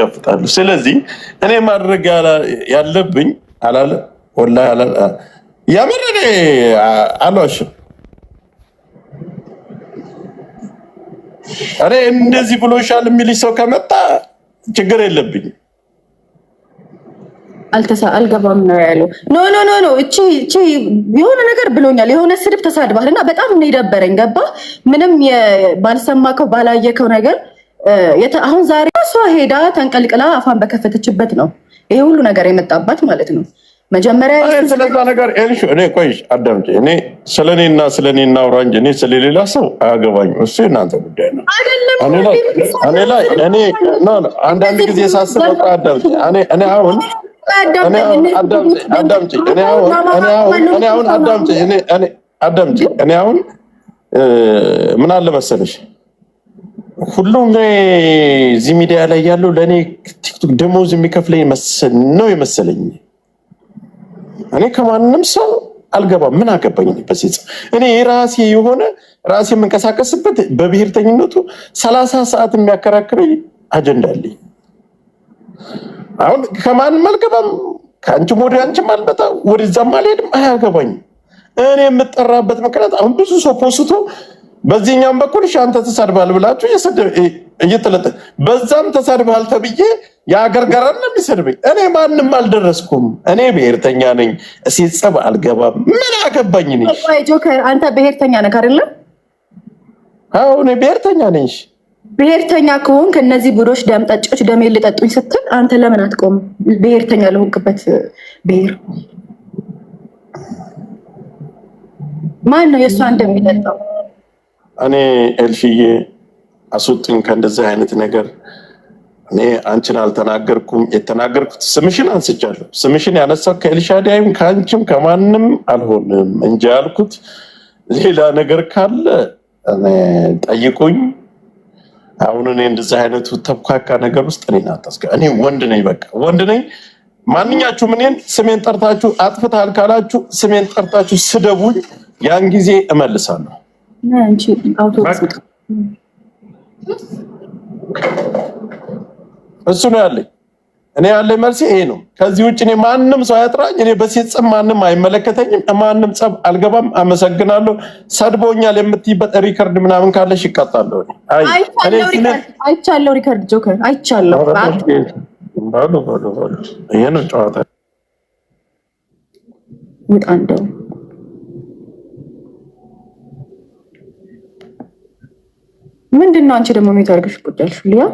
ያጋፍጣሉ። ስለዚህ እኔ ማድረግ ያለብኝ አላለ ወላ የምር እኔ አልዋሽም። እኔ እንደዚህ ብሎሻል የሚልሽ ሰው ከመጣ ችግር የለብኝም። አልገባም ነው ያለው። ኖ ኖ ኖ ኖ እቺ እቺ የሆነ ነገር ብሎኛል፣ የሆነ ስድብ ተሳድባል እና በጣም ነው የደበረኝ። ገባ ምንም ባልሰማከው ባላየከው ነገር አሁን ዛሬ እሷ ሄዳ ተንቀልቅላ አፋን በከፈተችበት ነው ይሄ ሁሉ ነገር የመጣባት ማለት ነው። መጀመሪያ ስለዛ ነገር ኤልሹ እኔ ቆይ አዳምጪ። እኔ ስለ እኔና ውራንጅ እኔ ስለሌላ ሰው አያገባኝም። እሱ የእናንተ ጉዳይ ነው። እኔ ላይ እኔ አንዳንድ ጊዜ ሳስበው አዳምጪ። እኔ አሁን አዳምጪ እኔ አሁን አዳምጪ እኔ አሁን ምን አለ መሰለሽ ሁሉም ላይ እዚህ ሚዲያ ላይ ያለው ለእኔ ቲክቶክ ደሞዝ የሚከፍለኝ ነው የመሰለኝ። እኔ ከማንም ሰው አልገባም። ምን አገባኝ? በሴት እኔ የራሴ የሆነ ራሴ የምንቀሳቀስበት በብሔርተኝነቱ ሰላሳ ሰዓት የሚያከራክረኝ አጀንዳ አለኝ። አሁን ከማንም አልገባም። ከአንቺም ወደ አንቺም አልመጣ ወደዛም አልሄድም። አያገባኝ። እኔ የምጠራበት ምክንያት አሁን ብዙ ሰው ፖስቶ በዚህኛውም በኩል እሺ አንተ ተሳድባል ብላችሁ እየተለጠ በዛም ተሳድባል ተብዬ የሀገር ገራን ነው እኔ ማንም አልደረስኩም። እኔ ብሔርተኛ ነኝ። እሴት ጸብ አልገባም። ምን አገባኝ? ነኝ አንተ ብሔርተኛ ነህ አይደለም? አዎ እኔ ብሔርተኛ ነኝ። ብሔርተኛ ከሆን እነዚህ ቡዶች ደም ጠጪዎች ደሜ ልጠጡኝ ስትል አንተ ለምን አትቆም? ብሔርተኛ ለሆንክበት ብሔር ማን ነው የእሷ እንደሚጠጣው እኔ ኤልፍዬ አስወጡኝ ከእንደዚህ አይነት ነገር። እኔ አንቺን አልተናገርኩም። የተናገርኩት ስምሽን አንስቻለሁ። ስምሽን ያነሳው ከኤልሻዳይም ከአንቺም ከማንም አልሆንም እንጂ ያልኩት ሌላ ነገር ካለ ጠይቁኝ። አሁን እኔ እንደዚህ አይነቱ ተብካካ ነገር ውስጥ እኔ አታስገ- እኔ ወንድ ነኝ፣ በቃ ወንድ ነኝ። ማንኛችሁም እኔን ስሜን ጠርታችሁ አጥፍታል ካላችሁ ስሜን ጠርታችሁ ስደቡኝ፣ ያን ጊዜ እመልሳለሁ። እሱ ነው ያለኝ። እኔ ያለኝ መልሴ ይሄ ነው። ከዚህ ውጭ እኔ ማንም ሰው ያጥራኝ። እኔ በሴት ጸብ ማንም አይመለከተኝም። ማንም ጸብ አልገባም። አመሰግናለሁ። ሰድቦኛል የምትይበት ሪከርድ ምናምን ካለሽ ይቀጣለሁ። አይቻለሁ፣ ሪከርድ ጆከር አይቻለሁ። ይሄ ነው ጨዋታ። ውጣ እንደው ምንድን ነው አንቺ ደግሞ ሜት አድርገሽ ቁጭ ያልሽ? ሊያ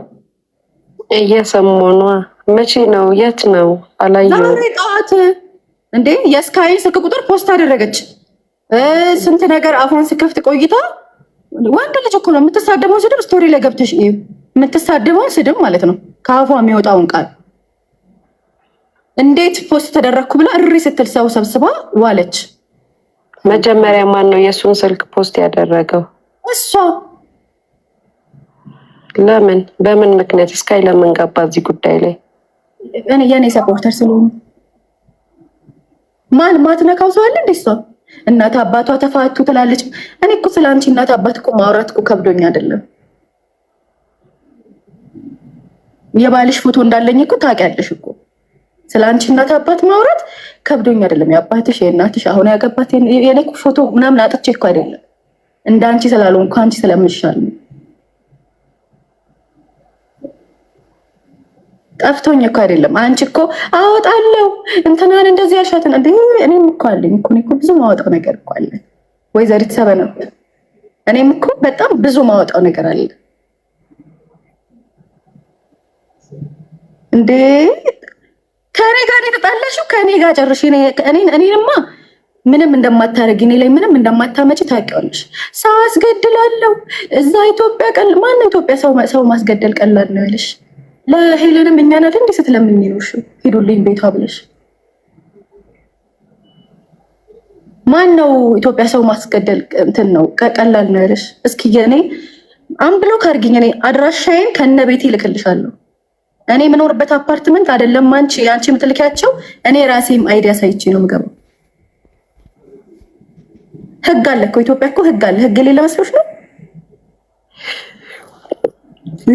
እየሰሞኗ መቼ ነው የት ነው አላየሁም። ዛሬ ጠዋት እንዴ የስካይን ስልክ ቁጥር ፖስት አደረገች። ስንት ነገር አፏን ስከፍት ቆይታ ወንድ ልጅ እኮ ነው የምትሳደበው ስድብ ስቶሪ ላይ ገብተሽ የምትሳደበው ስድብ ማለት ነው ከአፏ የሚወጣውን ቃል እንዴት ፖስት ተደረግኩ ብላ እሪ ስትል ሰው ሰብስባ ዋለች። መጀመሪያ ማን ነው የእሱን ስልክ ፖስት ያደረገው? እሷ ለምን በምን ምክንያት እስካይ ለምን ገባ እዚህ ጉዳይ ላይ? እኔ የኔ ሰፖርተር ስለሆነ ማን ማትነካው ሰው አለ እንዴ? እሷ እናት አባቷ ተፋቱ ትላለች። እኔ እኮ ስለ አንቺ እናት አባት እኮ ማውራት እኮ ከብዶኝ አይደለም። የባልሽ ፎቶ እንዳለኝ እኮ ታውቂያለሽ እኮ ስለ አንቺ እናት አባት ማውራት ከብዶኝ አይደለም። የአባትሽ የእናትሽ አሁን ያገባት የኔ ፎቶ ምናምን አጥቼ እኮ አይደለም። እንደ አንቺ ስላልሆንኩ አንቺ ስለምሻል ነው ጠፍቶኝ እኮ አይደለም። አንቺ እኮ አወጣለው እንትናን እንደዚህ ያልሻትን እንደ እኔም እኮ አለኝ እኮ እኮ ብዙ ማወጣው ነገር እኮ አለ። ወይዘሪት ነው። እኔም እኮ በጣም ብዙ ማወጣው ነገር አለ እንዴ ከእኔ ጋር የተጣላሽው ከእኔ ጋር ጨርሽ። እኔንማ ምንም እንደማታረጊ እኔ ላይ ምንም እንደማታመጪ ታውቂዋለሽ። ሰው አስገድላለሁ እዛ ኢትዮጵያ ቀል ማን ኢትዮጵያ ሰው ማስገደል ቀላል ነው ያለሽ ለሄለንም እኛን አይደል እንዴ ስትለምኝ ነው ሄዱልኝ ቤቷ ብለሽ ማን ነው ኢትዮጵያ ሰው ማስገደል እንትን ነው ቀላል ነው ያለሽ? እስኪ የኔ አም አንብሎክ አድርጊኝ። እኔ አድራሻዬን ከነ ቤቴ እልክልሻለሁ። እኔ የምኖርበት አፓርትመንት አይደለም አንቺ አንቺ የምትልኪያቸው እኔ ራሴም አይዲያ ሳይቼ ነው የምገባው። ህግ አለ እኮ ኢትዮጵያ እኮ ህግ አለ። ህግ የሌለ መስሎሽ ነው?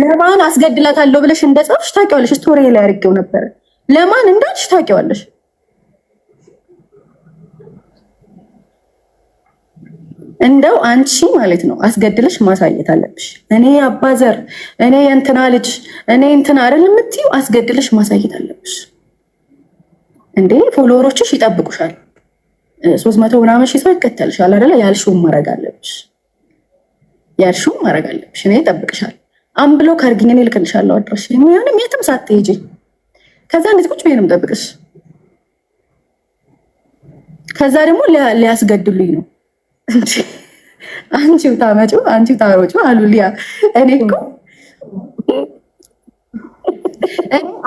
ለማን አስገድላታለሁ ብለሽ እንደጻፍሽ ታውቂዋለሽ። ስቶሪ ላይ አድርጌው ነበር። ለማን እንዳልሽ ታውቂዋለሽ። እንደው አንቺ ማለት ነው አስገድለሽ ማሳየት አለብሽ። እኔ አባዘር፣ እኔ እንትና ልጅ፣ እኔ እንትና አይደል የምትይው? አስገድለሽ ማሳየት አለብሽ እንዴ! ፎሎወሮችሽ ይጠብቁሻል። ሶስት መቶ ምናምን ሺህ ሰው ይከተልሻል አይደለ? ያልሽውን ማድረግ አለብሽ። ያልሽውን ማድረግ አለብሽ። እኔ ይጠብቅሻል አምብሎክ አድርጊኝ እኔ እልክልሻለሁ አድረሽ ሆንም የትም ሳትሄጂ ከዛ እንደዚህ ቁጭ ብዬ ነው የምጠብቅሽ። ከዛ ደግሞ ሊያስገድሉኝ ነው አንቺ ታመጪው አንቺ ታሮጪው አሉ ሊያ እኔ እኮ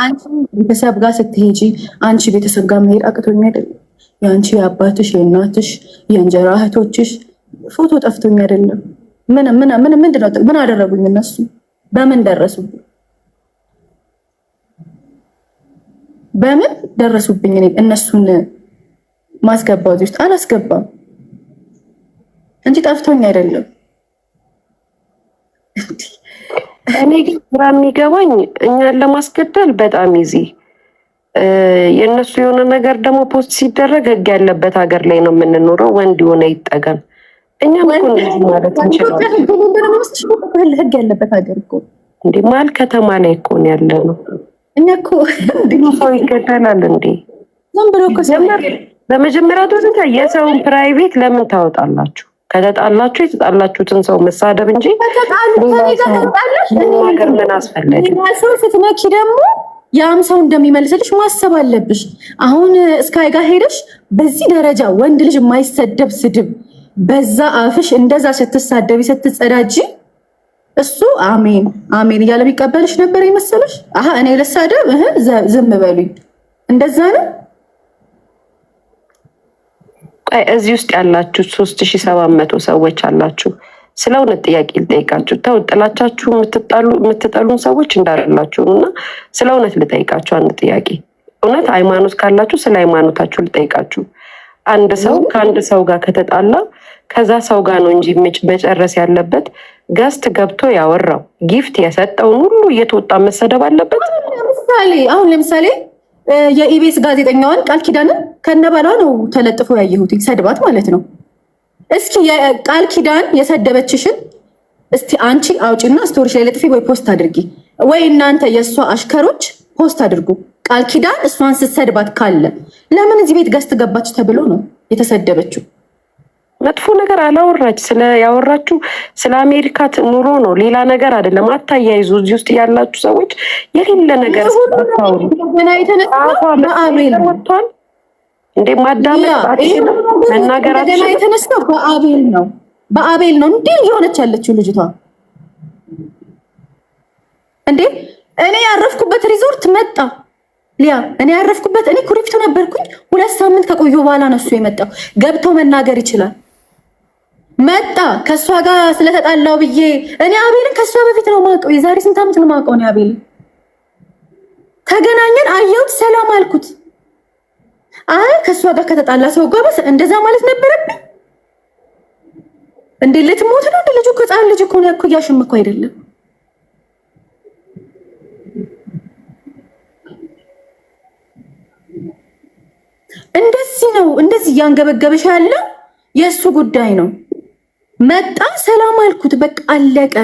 አንቺ ቤተሰብ ጋር ስትሄጂ አንቺ ቤተሰብ ጋር መሄድ አቅቶኝ አይደለም። የአንቺ የአባትሽ፣ የእናትሽ፣ የእንጀራ እህቶችሽ ፎቶ ጠፍቶኝ አይደለም። ምን ምን ምን ምንድን ነው ምን አደረጉኝ እነሱ በምን ደረሱብኝ? በምን ደረሱብኝ? እኔ እነሱን ማስገባት ውስጥ አላስገባም እንጂ ጠፍቶኝ አይደለም። እኔ ግን ግራ የሚገባኝ እኛን ለማስገደል በጣም ይዚ የእነሱ የሆነ ነገር ደግሞ ፖስት ሲደረግ ህግ ያለበት ሀገር ላይ ነው የምንኖረው። ወንድ የሆነ ይጠቀም? እኛም ማለት ህግ ያለበት ሀገር እኮ እንደ መሀል ከተማ ላይ እኮ ነው ያለ ነው። እኛ እኮ ሰው ይገደላል እንዴ? ዝም ብሎ በመጀመሪያ ደረጃ የሰውን ፕራይቬት ለምን ታወጣላችሁ? ከተጣላችሁ የተጣላችሁትን ሰው መሳደብ እንጂ ሀገር ምን አስፈለገ? ስትነኪ ደግሞ ያም ሰው እንደሚመልስልሽ ማሰብ አለብሽ። አሁን እስካይ ጋር ሄደሽ በዚህ ደረጃ ወንድ ልጅ የማይሰደብ ስድብ በዛ አፍሽ እንደዛ ስትሳደቢ ስትጸዳጂ እሱ አሜን አሜን እያለ ቢቀበልሽ ነበር የመሰለሽ? አሀ እኔ ልሳደብ እህ ዝም በሉኝ፣ እንደዛ ነው። ቆይ እዚህ ውስጥ ያላችሁ ሶስት ሺ ሰባት መቶ ሰዎች አላችሁ። ስለ እውነት ጥያቄ ልጠይቃችሁ። ተው ጥላቻችሁ የምትጠሉን ሰዎች እንዳላችሁ እና ስለ እውነት ልጠይቃችሁ አንድ ጥያቄ። እውነት ሃይማኖት ካላችሁ ስለ ሃይማኖታችሁ ልጠይቃችሁ። አንድ ሰው ከአንድ ሰው ጋር ከተጣላ ከዛ ሰው ጋር ነው እንጂ መጨረስ ያለበት። ገስት ገብቶ ያወራው ጊፍት የሰጠውን ሁሉ እየተወጣ መሰደብ አለበት። ለምሳሌ አሁን ለምሳሌ የኢቤስ ጋዜጠኛዋን ቃል ኪዳንን ከነባሏ ነው ተለጥፎ ያየሁት፣ ሰድባት ማለት ነው። እስኪ ቃል ኪዳን የሰደበችሽን እስቲ አንቺ አውጪና ስቶሪሽ ላይ ለጥፊ ወይ ፖስት አድርጊ ወይ እናንተ የእሷ አሽከሮች ፖስት አድርጉ። ቃል ኪዳን እሷን ስትሰድባት ካለ ለምን እዚህ ቤት ገስት ገባች ተብሎ ነው የተሰደበችው። መጥፎ ነገር አላወራች። ያወራችው ስለ አሜሪካ ኑሮ ነው፣ ሌላ ነገር አይደለም። አታያይዙ። እዚህ ውስጥ ያላችሁ ሰዎች የሌለ ነገር ወጥቷል እንዴ ማዳመጥ መናገራችን በአቤል ነው፣ በአቤል ነው እንዲህ እየሆነች ያለችው ልጅቷ እንዴ እኔ ያረፍኩበት ሪዞርት መጣ ሊያ እኔ ያረፍኩበት እኔ ኩሪፍቱ ነበርኩኝ። ሁለት ሳምንት ከቆየ በኋላ ነሱ የመጣው ገብቶ መናገር ይችላል። መጣ ከእሷ ጋር ስለተጣላው ብዬ እኔ አቤልን ከእሷ በፊት ነው ማውቀው። የዛሬ ስንት ዓመት ነው ማውቀው ነው አቤልን። ተገናኘን፣ አየሁት፣ ሰላም አልኩት። አይ ከእሷ ጋር ከተጣላ ሰው ጋር እንደዛ ማለት ነበረብኝ እንዴ? ልትሞት ነው እንደ ልጁ ከጻን ልጅ እኮ ነው እኮ አይደለም እንደዚህ እያንገበገበሽ ያለ የእሱ ጉዳይ ነው። መጣ ሰላም አልኩት፣ በቃ አለቀ።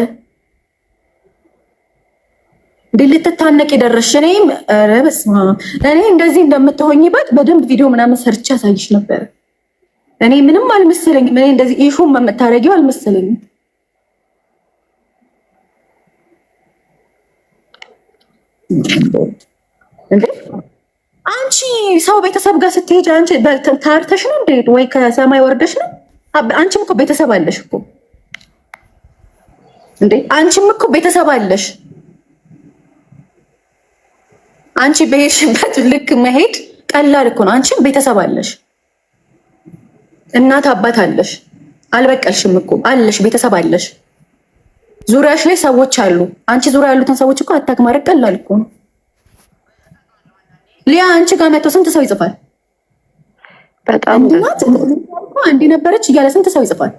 ልትታነቅ የደረሽ እኔም ኧረ በስመ አብ እኔ እንደዚህ እንደምትሆኝበት በደንብ ቪዲዮ ምናምን ሰርቼ አሳይሽ ነበር። እኔ ምንም አልመሰለኝም። እኔ እንደዚህ ኢሹም የምታደርጊው አልመሰለኝም። እንዴ አንቺ ሰው ቤተሰብ ጋር ስትሄጂ አንቺ ታርተሽ ነው እንዴ? ወይ ከሰማይ ወርደሽ ነው? አንቺም እኮ ቤተሰብ አለሽ እኮ እንዴ! አንቺም እኮ ቤተሰብ አለሽ። አንቺ በሄድሽበት ልክ መሄድ ቀላል እኮ ነው። አንቺም ቤተሰብ አለሽ፣ እናት አባት አለሽ። አልበቀልሽም እኮ አለሽ፣ ቤተሰብ አለሽ። ዙሪያሽ ላይ ሰዎች አሉ። አንቺ ዙሪያ ያሉትን ሰዎች እኮ አታግማረቅ ቀላል እኮ ነው። ሊያ አንቺ ጋር መጥቶ ስንት ሰው ይጽፋል? በጣም አንዴ ነበረች እያለ ስንት ሰው ይጽፋል?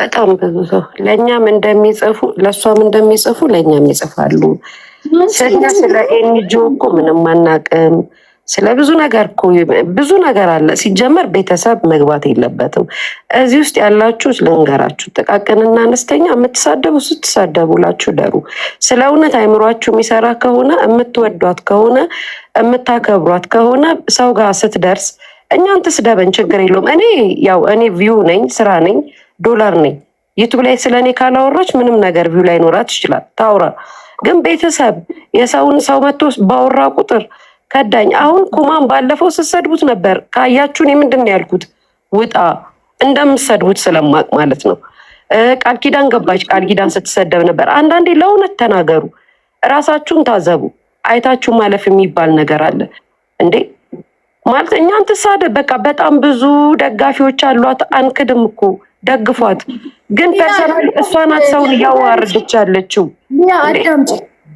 በጣም ብዙ ሰው ለእኛም እንደሚጽፉ ለእሷም እንደሚጽፉ ለእኛም ይጽፋሉ። ስለ ኤንጂኦ እኮ ምንም አናውቅም። ስለ ብዙ ነገር እኮ ብዙ ነገር አለ። ሲጀመር ቤተሰብ መግባት የለበትም እዚህ ውስጥ ያላችሁ። ልንገራችሁ፣ ጥቃቅንና አነስተኛ የምትሳደቡ ስትሳደቡላችሁ ደሩ። ስለ እውነት አይምሯችሁ የሚሰራ ከሆነ የምትወዷት ከሆነ የምታከብሯት ከሆነ ሰው ጋር ስትደርስ እኛን ትስደበን፣ ችግር የለውም። እኔ ያው እኔ ቪው ነኝ፣ ስራ ነኝ፣ ዶላር ነኝ። ዩቱብ ላይ ስለ እኔ ካላወራች ምንም ነገር ቪው ኖራት ይችላል። ታውራ ግን ቤተሰብ የሰውን ሰው መቶ ባወራ ቁጥር ከዳኝ። አሁን ኩማን ባለፈው ስትሰድቡት ነበር ካያችሁን፣ የምንድን ያልኩት? ውጣ እንደምሰድቡት ስለማቅ ማለት ነው። ቃል ኪዳን ገባች። ቃል ኪዳን ስትሰደብ ነበር። አንዳንዴ ለእውነት ተናገሩ፣ እራሳችሁን ታዘቡ። አይታችሁ ማለፍ የሚባል ነገር አለ እንዴ ማለት እኛ እንትሳደ በቃ በጣም ብዙ ደጋፊዎች አሏት። አንክድም እኮ ደግፏት። ግን ፐርሰናል እሷ ናት ሰውን እያዋረደች ያለችው።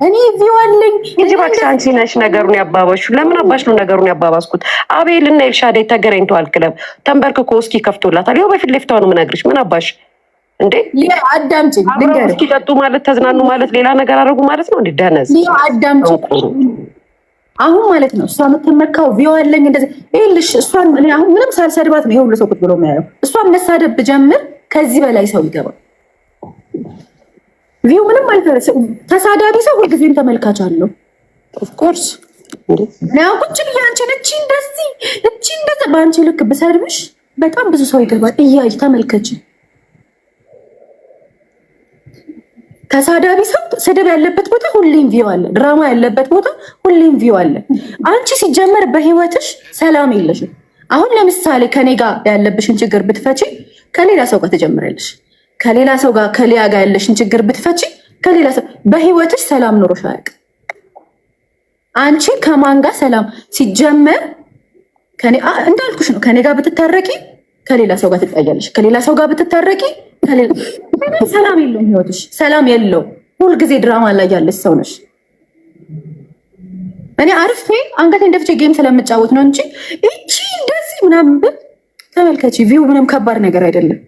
እኔ ቪዋለኝ እንጂ እባክሽ አንቺ ነሽ ነገሩን ያባባሽው። ለምን አባሽ ነው ነገሩን ያባባስኩት? አቤል እና ኤልሻዳይ ተገናኝተዋል። አልክለም ተንበርክኮ እስኪ ከፍቶላታል። ያው በፊት ለፊቷ ነው የምነግርሽ። ምን አባሽ እንዴ አዳምጪ። ልንገርሽ እስኪ ጠጡ ማለት ተዝናኑ ማለት ሌላ ነገር አደረጉ ማለት ነው እንዴ? ደነዝ አዳምጪ። አሁን ማለት ነው እሷ የምትመካው ቪዋለኝ እንደዚህ ይልሽ። እሷን እኔ አሁን ምንም ሳልሰድባት ነው ይሄ ሁሉ ሰው ቁጭ ብሎ የሚያየው። እሷን መሳደብ ብጀምር ከዚህ በላይ ሰው ይገባል። ቪው ምንም አልፈረሰም። ተሳዳቢ ሰው ሁልጊዜም ተመልካች አለው። ኦፍኮርስ ነው ቁጭ ብዬ አንቺን እቺ እንደዚህ እቺ እንደዚህ በአንቺ ልክ ብሰርብሽ በጣም ብዙ ሰው ይገባል። እያይ ተመልከች። ተሳዳቢ ሰው ስድብ ያለበት ቦታ ሁሌም ቪው አለ። ድራማ ያለበት ቦታ ሁሌም ቪው አለ። አንቺ ሲጀመር በህይወትሽ ሰላም የለሽም። አሁን ለምሳሌ ከኔ ጋር ያለብሽን ችግር ብትፈቺ ከሌላ ሰው ጋር ትጀምራለሽ። ከሌላ ሰው ጋር ከሊያ ጋር ያለሽን ችግር ብትፈቺ ከሌላ ሰው በህይወትሽ ሰላም ኖሮሽ አያውቅም። አንቺ ከማን ጋር ሰላም ሲጀመር ከኔ እንዳልኩሽ ነው። ከኔ ጋር ብትታረቂ ከሌላ ሰው ጋር ትጣያለሽ። ከሌላ ሰው ጋር ብትታረቂ ሰላም የለውም ህይወትሽ፣ ሰላም የለው። ሁልጊዜ ድራማ ላይ ያለሽ ሰው ነሽ። እኔ አርፌ አንገቴን ደፍቼ ጌም ስለምጫወት ነው እንጂ እቺ እንደዚህ ምናምን ተመልከች ቪው ምንም ከባድ ነገር አይደለም።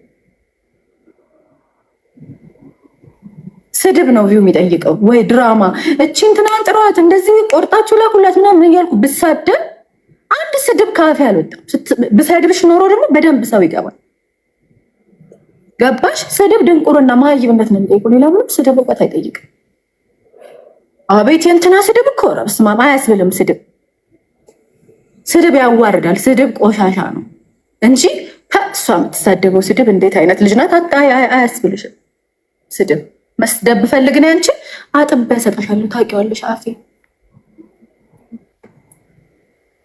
ስድብ ነው ቪው የሚጠይቀው ወይ ድራማ። እቺን ትናንት ጥሯት እንደዚህ ቆርጣችሁ ላኩላት ምናምን እያልኩ ብሳደብ አንድ ስድብ ካፌ አልወጣም። ብሰድብሽ ኖሮ ደግሞ በደንብ ሰው ይገባል። ገባሽ? ስድብ ድንቁርና ማይብነት ነው የሚጠይቁ። ሌላ ምንም ስድብ እውቀት አይጠይቅም። አቤት የእንትና ስድብ እኮ ኧረ አያስብልም። ስድብ ስድብ ያዋርዳል። ስድብ ቆሻሻ ነው እንጂ እሷ የምትሳደበው ስድብ እንዴት አይነት ልጅ ናት አያስብልሽም ስድብ መስደብ ፈልግ ነው አንቺ አጥብ እሰጥሻለሁ። ታውቂዋለሽ አፌ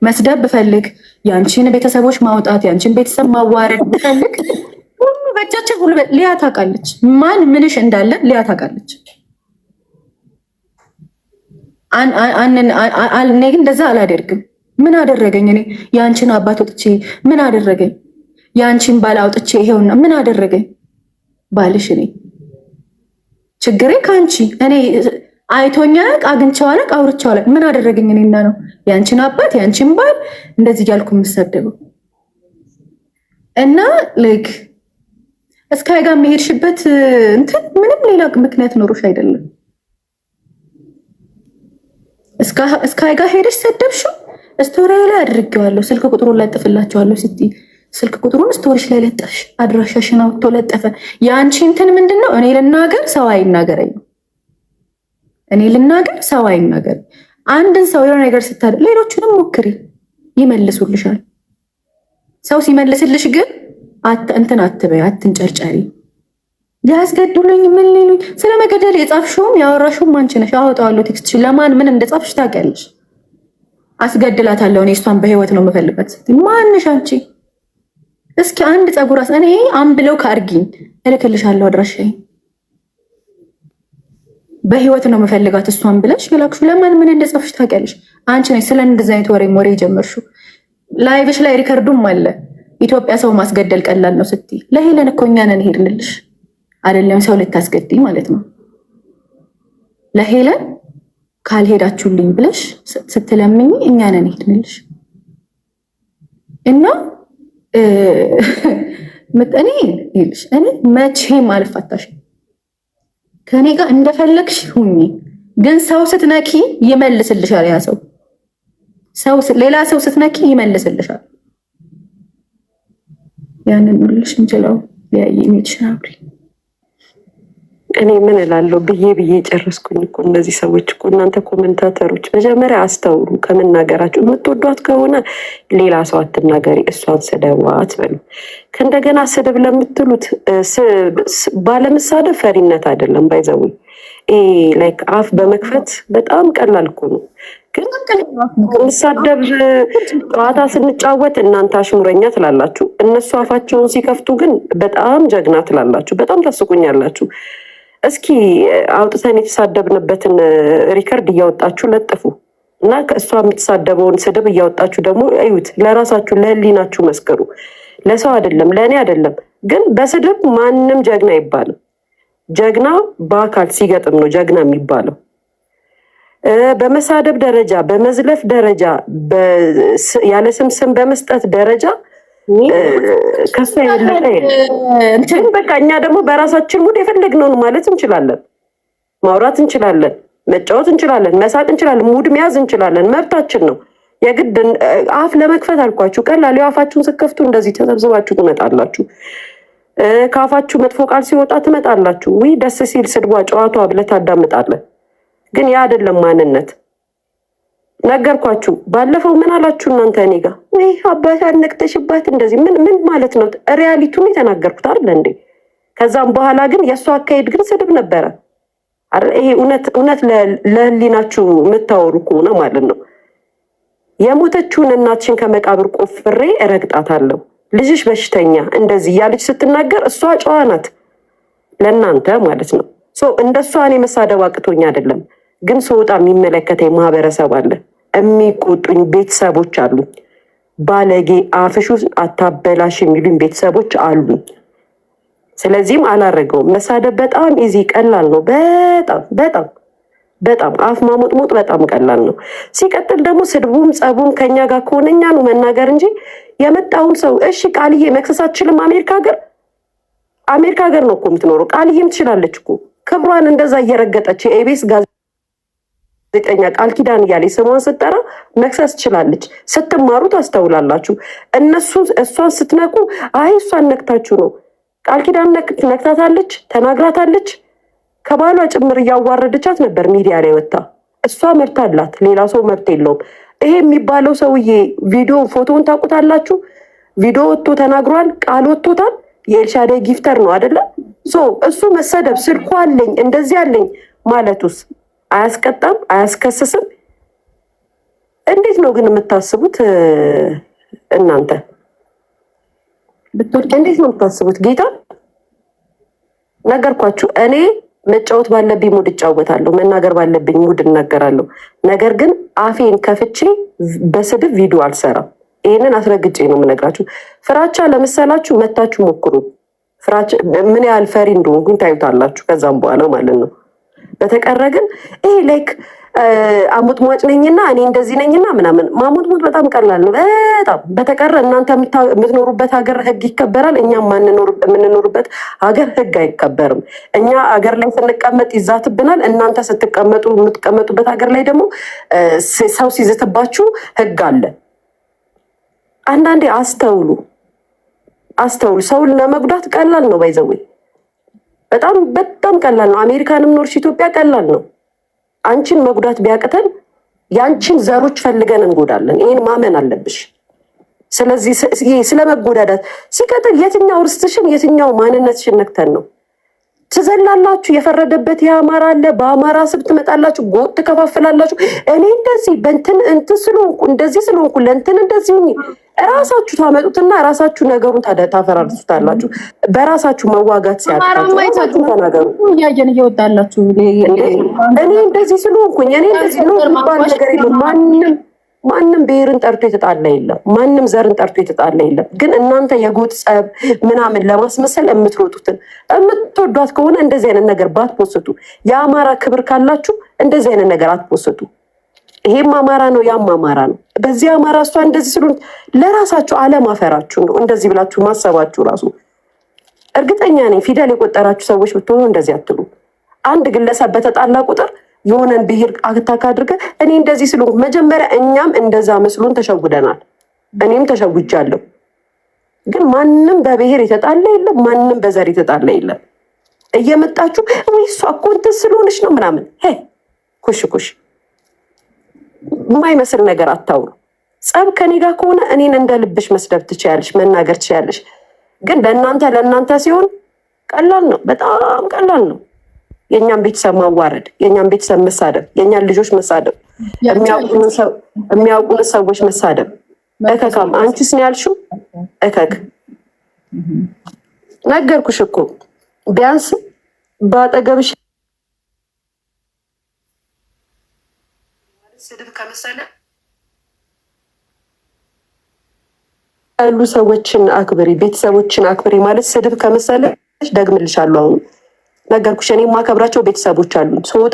መስደብ ብፈልግ ያንቺን ቤተሰቦች ማውጣት ያንቺን ቤተሰብ ማዋረድ ብፈልግ ሁሉ በእጃችን ሁሉ ሊያ ታውቃለች። ማን ምንሽ እንዳለ ሊያ ታውቃለች። እኔ ግን እንደዛ አላደርግም። ምን አደረገኝ? እኔ ያንቺን አባት ወጥቼ ምን አደረገኝ? ያንቺን ባል አውጥቼ ይሄውና ምን አደረገኝ ባልሽ እኔ ችግሬ ከአንቺ እኔ አይቶኛ ያቅ አግኝቼው አላቅ አውርቼው ምን አደረገኝ? እኔና ነው ያንቺን አባት ያንቺን ባል እንደዚህ እያልኩ የምሰደበው እና ልክ እስካይ ጋር የሚሄድሽበት እንትን ምንም ሌላ ምክንያት ኖሮሽ አይደለም። እስካይ ጋር ሄደሽ ሰደብሽው ስቶሪ ላይ አድርጌዋለሁ፣ ስልክ ቁጥሩን ጥፍላቸዋለሁ ስትይ ስልክ ቁጥሩን ስቶሪሽ ላይ ለጠፍሽ፣ አድራሻሽን አውጥቶ ለጠፈ። የአንቺ እንትን ምንድን ነው? እኔ ልናገር ሰው አይናገረኝ፣ እኔ ልናገር ሰው አይናገር። አንድን ሰው የሆነ ነገር ስታደ ሌሎቹንም ሞክሪ፣ ይመልሱልሻል። ሰው ሲመልስልሽ ግን እንትን አትበይ፣ አትንጨርጨሪ። ሊያስገድሉኝ ምን ሊሉኝ፣ ስለ መገደል የጻፍሽውም ያወራሽውም አንቺ ነሽ። አወጣዋለሁ ቴክስትሽን። ለማን ምን እንደጻፍሽ ታውቂያለሽ። አስገድላታለሁ እኔ እሷን በህይወት ነው የምፈልጋት። ማንሽ አንቺ እስኪ አንድ ጸጉር አስ እኔ አምብለው ከአርጊኝ እልክልሻለሁ አድራሻዬ። በህይወት ነው መፈልጋት እሷን ብለሽ የላክሹ ለማን ምን እንደጻፍሽ ታውቂያለሽ? አንቺ ነሽ ስለ እንደዚህ አይነት ወሬ ወሬ የጀመርሽው። ላይቭሽ ላይ ሪከርዱም አለ። ኢትዮጵያ ሰው ማስገደል ቀላል ነው ስትይ ለሄለን እኮ እኛ ነን ሄድንልሽ። አይደለም ሰው ልታስገድኝ ማለት ነው። ለሄለን ካልሄዳችሁልኝ ብለሽ ስትለምኝ እኛ ነን ሄድንልሽ እና እኔ ይልሽ እኔ መቼም አልፋታሽም። ከእኔ ጋር እንደፈለግሽ ሁኚ፣ ግን ሰው ስትነኪ ይመልስልሻል። ያ ሰው ሰው ሌላ ሰው ስትነኪ ይመልስልሻል። ያንን ሁልሽ እንችለው ያየሚችናብሪ እኔ ምን እላለሁ ብዬ ብዬ ጨረስኩኝ እኮ። እነዚህ ሰዎች እኮ እናንተ ኮመንታተሮች መጀመሪያ አስተውሉ ከምናገራቸው የምትወዷት ከሆነ ሌላ ሰው አትናገሪ፣ እሷን ስደዋ አትበሉ ከእንደገና ስድብ ለምትሉት ባለመሳደብ ፈሪነት አይደለም፣ ባይዘዊ ላይክ አፍ በመክፈት በጣም ቀላል እኮ ነው። ግን ጨዋታ ስንጫወት እናንተ አሽሙረኛ ትላላችሁ፣ እነሱ አፋቸውን ሲከፍቱ ግን በጣም ጀግና ትላላችሁ። በጣም ታስቁኛላችሁ። እስኪ አውጥተን የተሳደብንበትን ሪከርድ እያወጣችሁ ለጥፉ እና ከእሷ የምትሳደበውን ስድብ እያወጣችሁ ደግሞ እዩት። ለራሳችሁ ለህሊናችሁ መስክሩ። ለሰው አይደለም ለእኔ አይደለም። ግን በስድብ ማንም ጀግና አይባልም። ጀግና በአካል ሲገጥም ነው ጀግና የሚባለው። በመሳደብ ደረጃ፣ በመዝለፍ ደረጃ፣ ያለ ስም ስም በመስጠት ደረጃ ከእሷ የበለጠ በቃ እኛ ደግሞ በራሳችን ሙድ የፈለግነውን ማለት እንችላለን፣ ማውራት እንችላለን፣ መጫወት እንችላለን፣ መሳቅ እንችላለን፣ ሙድ መያዝ እንችላለን። መብታችን ነው። የግድ አፍ ለመክፈት አልኳችሁ፣ ቀላል አፋችሁን ስትከፍቱ እንደዚህ ተሰብስባችሁ ትመጣላችሁ። ከአፋችሁ መጥፎ ቃል ሲወጣ ትመጣላችሁ። ደስ ሲል ስድቧ፣ ጨዋቷ ብለህ ታዳምጣለህ። ግን ያ አይደለም ማንነት ነገርኳችሁ። ባለፈው ምን አላችሁ እናንተ እኔ ጋ ይህ አባት አነቅተሽባት እንደዚህ ምን ምን ማለት ነው? ሪያሊቱን የተናገርኩት አለ እንዴ? ከዛም በኋላ ግን የእሱ አካሄድ ግን ስድብ ነበረ። ይሄ እውነት ለህሊናችሁ የምታወሩ ከሆነ ማለት ነው የሞተችውን እናትሽን ከመቃብር ቆፍሬ እረግጣታለሁ፣ ልጅሽ በሽተኛ እንደዚህ እያለች ስትናገር እሷ ጨዋ ናት ለእናንተ ማለት ነው። እንደሷ እኔ መሳደብ አቅቶኝ አይደለም ግን ሰውጣ የሚመለከተኝ ማህበረሰብ አለ። የሚቆጡኝ ቤተሰቦች አሉኝ። ባለጌ አፍሹ አታበላሽ የሚሉኝ ቤተሰቦች አሉኝ። ስለዚህም አላረገውም። መሳደብ በጣም ኢዚ ቀላል ነው። በጣም በጣም በጣም አፍ ማሞጥሞጥ በጣም ቀላል ነው። ሲቀጥል ደግሞ ስድቡም ጸቡም ከኛ ጋር ከሆነ እኛ ነው መናገር እንጂ የመጣውን ሰው እሺ፣ ቃልዬ መክሰስ አትችልም። አሜሪካ ሀገር አሜሪካ ሀገር ነው እኮ የምትኖረው። ቃልዬም ትችላለች እኮ ክብሯን እንደዛ እየረገጠች የኤቤስ ጋዜ ጋዜጠኛ ቃል ኪዳን እያለ ስሟን ስጠራ መክሰስ ችላለች ስትማሩ ታስተውላላችሁ። እነሱ እሷን ስትነኩ አይ እሷን ነክታችሁ ነው። ቃል ኪዳን ነክታታለች፣ ተናግራታለች። ከባሏ ጭምር እያዋረደቻት ነበር ሚዲያ ላይ ወጥታ። እሷ መብት አላት፣ ሌላ ሰው መብት የለውም። ይሄ የሚባለው ሰውዬ ቪዲዮ ፎቶውን ታውቁታላችሁ። ቪዲዮ ወጥቶ ተናግሯል፣ ቃል ወጥቶታል። የኤልሻዳይ ጊፍተር ነው አይደለም? እሱ መሰደብ ስልኩ አለኝ እንደዚህ አለኝ ማለቱስ አያስቀጣም፣ አያስከስስም። እንዴት ነው ግን የምታስቡት እናንተ? እንዴት ነው የምታስቡት? ጌታ ነገርኳችሁ። እኔ መጫወት ባለብኝ ሙድ እጫወታለሁ፣ መናገር ባለብኝ ሙድ እናገራለሁ። ነገር ግን አፌን ከፍቼ በስድብ ቪዲዮ አልሰራም። ይህንን አስረግጬ ነው የምነግራችሁ። ፍራቻ ለምሳላችሁ መታችሁ ሞክሩ። ምን ያህል ፈሪ እንደሆንኩኝ ታዩታላችሁ ከዛም በኋላ ማለት ነው። በተቀረ ግን ይሄ ላይክ አሙጥሟጭ ነኝና እኔ እንደዚህ ነኝና ምናምን ማሙጥሙጥ በጣም ቀላል ነው። በጣም በተቀረ እናንተ የምትኖሩበት ሀገር ህግ ይከበራል። እኛ የምንኖርበት ሀገር ህግ አይከበርም። እኛ ሀገር ላይ ስንቀመጥ ይዛትብናል። እናንተ ስትቀመጡ የምትቀመጡበት ሀገር ላይ ደግሞ ሰው ሲዝትባችሁ ህግ አለ። አንዳንዴ አስተውሉ፣ አስተውሉ። ሰውን ለመጉዳት ቀላል ነው ባይዘዌ በጣም በጣም ቀላል ነው። አሜሪካንም ኖርሽ ኢትዮጵያ ቀላል ነው። አንቺን መጉዳት ቢያቅተን ያንቺን ዘሮች ፈልገን እንጎዳለን። ይህን ማመን አለብሽ። ስለዚህ ስለ መጎዳዳት ሲቀጥል የትኛው እርስትሽን የትኛው ማንነትሽን ነክተን ነው? ትዘላላችሁ። የፈረደበት የአማራ አለ። በአማራ ስብ ትመጣላችሁ፣ ጎጥ ትከፋፍላላችሁ። እኔ እንደዚህ በንትን እንትን ስለሆንኩ እንደዚህ ስለሆንኩ ለእንትን እንደዚህ ራሳችሁ ታመጡትና ራሳችሁ ነገሩን ታፈራርሱታላችሁ። በራሳችሁ መዋጋት ሲያቃችሁ ተናገሩ። እያየን እየወጣላችሁ እኔ እንደዚህ ስለሆንኩኝ እኔ እንደዚህ ነው ነገር የለም። ማንም ማንም ብሔርን ጠርቶ የተጣላ የለም። ማንም ዘርን ጠርቶ የተጣላ የለም። ግን እናንተ የጎጥ ጸብ ምናምን ለማስመሰል የምትሮጡትን የምትወዷት ከሆነ እንደዚህ አይነት ነገር ባትፖስቱ፣ የአማራ ክብር ካላችሁ እንደዚህ አይነት ነገር አትፖስቱ። ይሄም አማራ ነው፣ ያም አማራ ነው። በዚህ አማራ እሷ እንደዚህ ስሉ ለራሳችሁ አለማፈራችሁ ነው። እንደዚህ ብላችሁ ማሰባችሁ ራሱ እርግጠኛ ነኝ ፊደል የቆጠራችሁ ሰዎች ብትሆኑ እንደዚህ አትሉ። አንድ ግለሰብ በተጣላ ቁጥር የሆነን ብሄር አክታካ አድርገ እኔ እንደዚህ ስሉ መጀመሪያ እኛም እንደዛ መስሎን ተሸውደናል። እኔም ተሸውጃለሁ። ግን ማንም በብሄር የተጣላ የለም፣ ማንም በዘር የተጣላ የለም። እየመጣችሁ ወይ እሷ እኮ እንትን ስለሆነች ነው ምናምን ኩሽ ኩሽ የማይመስል ነገር አታውሩ። ጸብ ከኔ ጋር ከሆነ እኔን እንደ ልብሽ መስደብ ትችያለሽ፣ መናገር ትችያለሽ። ግን ለእናንተ ለእናንተ ሲሆን ቀላል ነው፣ በጣም ቀላል ነው። የእኛን ቤተሰብ ማዋረድ፣ የእኛን ቤተሰብ መሳደብ፣ የእኛን ልጆች መሳደብ፣ የሚያውቁን ሰዎች መሳደብ። እከካም አንቺስ ነው ያልሽው። እከክ ነገርኩሽ እኮ ቢያንስ በአጠገብሽ ስድብ ከመሰለ ያሉ ሰዎችን አክብሪ፣ ቤተሰቦችን አክብሪ ማለት ስድብ ከመሰለ ደግምልሻለሁ። አሁን ነገርኩሽ። እኔ የማከብራቸው ቤተሰቦች አሉ። ስወጣ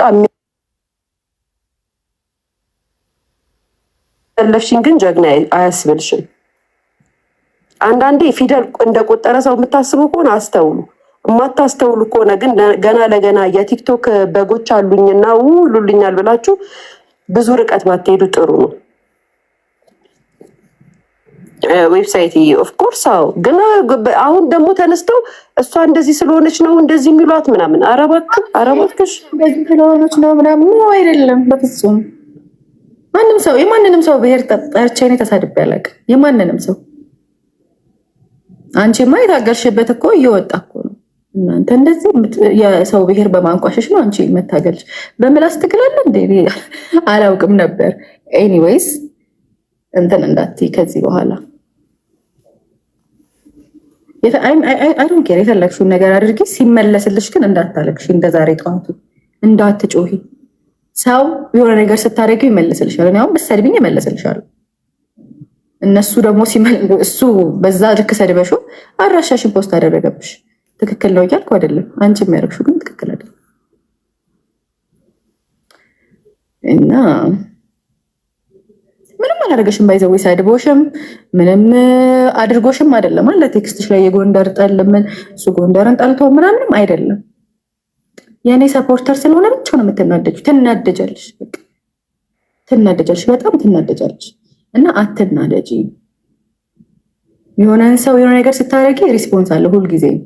ለፍሽን ግን ጀግና አያስብልሽም። አንዳንዴ ፊደል እንደቆጠረ ሰው የምታስቡ ከሆነ አስተውሉ። የማታስተውሉ ከሆነ ግን ገና ለገና የቲክቶክ በጎች አሉኝና ውሉልኛል ብላችሁ ብዙ ርቀት ባትሄዱ ጥሩ ነው። ዌብሳይት ኦፍኮርስ አዎ። ግን አሁን ደግሞ ተነስተው እሷ እንደዚህ ስለሆነች ነው እንደዚህ የሚሏት ምናምን። ኧረ እባክህ ኧረ እባክሽ እንደዚህ ስለሆነች ነው ምናምን አይደለም በፍጹም። ማንም ሰው የማንንም ሰው ብሄር ጠርቼ እኔ ተሳድቤ አላውቅም። የማንንም ሰው አንቺማ የታገልሽበት እኮ እየወጣ እናንተ እንደዚህ የሰው ብሔር በማንቋሸሽ ነው አንቺ መታገልች በምላስ ትግላለ እንዴ? አላውቅም ነበር። ኤኒዌይስ እንትን እንዳት ከዚህ በኋላ አይዶን ኬር። የፈለግሽውን ነገር አድርጊ፣ ሲመለስልሽ ግን እንዳታለቅሽ። እንደዛሬ ዛሬ ጠዋቱ እንዳትጮሂ። ሰው የሆነ ነገር ስታደርጊው ይመለስልሻል። እኔ አሁን ብትሰድቢኝ ይመለስልሻል። እነሱ ደግሞ እሱ በዛ ልክ ሰድበሽው አድራሻሽን ፖስት አደረገብሽ። ትክክል ነው እያልኩ አይደለም። አንቺ የሚያደርግሽው ግን ትክክል አይደለም እና ምንም አላደረገሽም። ባይዘዌ ሳይድቦሽም ምንም አድርጎሽም አይደለም አለ ቴክስትሽ ላይ የጎንደር ጠልምን እሱ ጎንደርን ጠልቶ ምናምንም አይደለም። የእኔ ሰፖርተር ስለሆነ ብቻ ነው የምትናደጁ። ትናደጃለሽ፣ ትናደጃለሽ፣ በጣም ትናደጃለሽ። እና አትናደጂ። የሆነን ሰው የሆነ ነገር ስታደርጊ ሪስፖንስ አለ ሁልጊዜም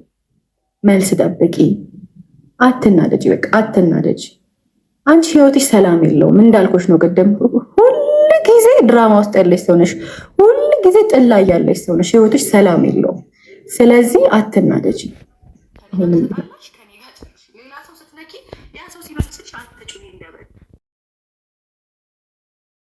መልስ ጠብቂ። አትናደጅ፣ በቃ አትናደጅ። አንቺ ህይወትሽ ሰላም የለውም እንዳልኩሽ ነው ቅድም። ሁል ጊዜ ድራማ ውስጥ ያለች ሰውነሽ፣ ሁል ጊዜ ጥላ ያለች ሰውነሽ፣ ህይወትሽ ሰላም የለውም። ስለዚህ አትናደጅ።